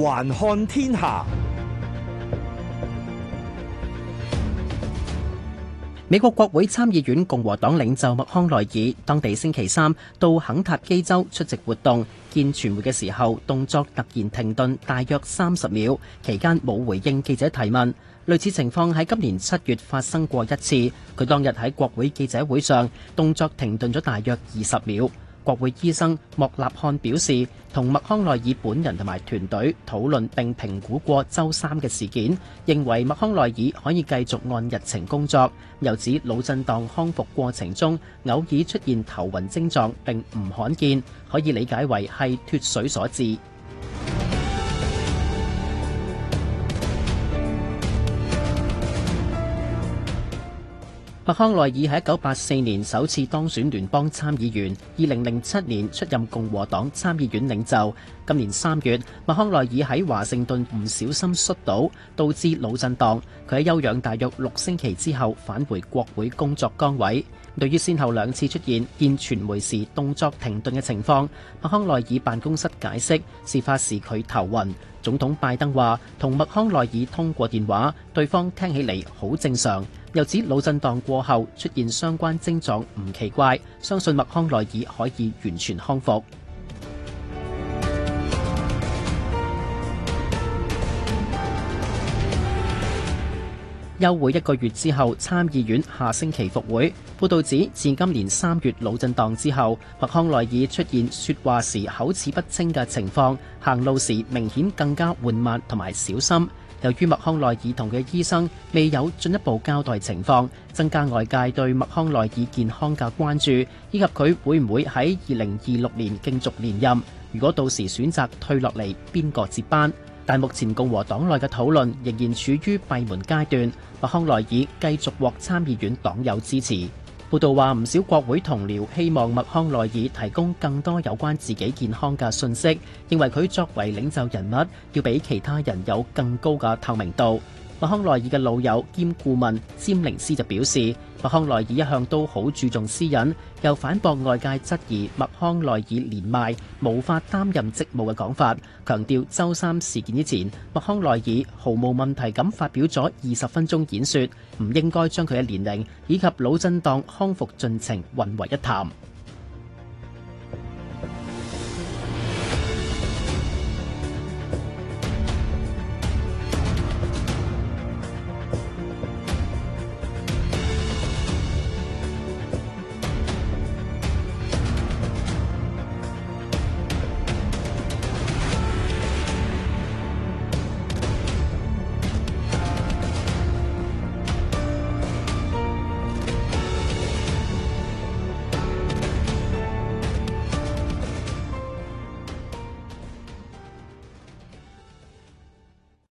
環看天下。美國國會參議院共和黨領袖麥康奈爾，當地星期三到肯塔基州出席活動，見傳媒嘅時候動作突然停頓大約三十秒，期間冇回應記者提問。類似情況喺今年七月發生過一次，佢當日喺國會記者會上動作停頓咗大約二十秒。國會醫生莫納漢表示，同麥康奈爾本人同埋團隊討論並評估過周三嘅事件，認為麥康奈爾可以繼續按日程工作。又指腦震盪康復過程中，偶爾出現頭暈症狀並唔罕見，可以理解為係脫水所致。麥康奈爾喺一九八四年首次當選聯邦參議員，二零零七年出任共和黨參議院領袖。今年三月，麥康奈爾喺華盛頓唔小心摔倒，導致腦震盪。佢喺休養大約六星期之後返回國會工作崗位。對於先後兩次出現見傳媒時動作停頓嘅情況，麥康奈爾辦公室解釋事發時佢頭暈。總統拜登話同麥康奈爾通過電話，對方聽起嚟好正常。又指腦震盪過後出現相關症狀唔奇怪，相信麥康奈爾可以完全康復。 休會一個月之後，參議院下星期復會。報道指，自今年三月腦震盪之後，麥康奈爾出現說話時口齒不清嘅情況，行路時明顯更加緩慢同埋小心。由於麥康奈爾同嘅醫生未有進一步交代情況，增加外界對麥康奈爾健康嘅關注，以及佢會唔會喺二零二六年競逐連任。如果到時選擇退落嚟，邊個接班？但目前共和黨內嘅討論仍然處於閉門階段。麥康奈爾繼續獲參議院黨友支持。報道話，唔少國會同僚希望麥康奈爾提供更多有關自己健康嘅信息，認為佢作為領袖人物，要比其他人有更高嘅透明度。麥康奈爾嘅老友兼顧問詹寧斯就表示，麥康奈爾一向都好注重私隱，又反駁外界質疑麥康奈爾年邁無法擔任職務嘅講法，強調周三事件之前，麥康奈爾毫無問題咁發表咗二十分鐘演說，唔應該將佢嘅年齡以及腦震盪康復進程混為一談。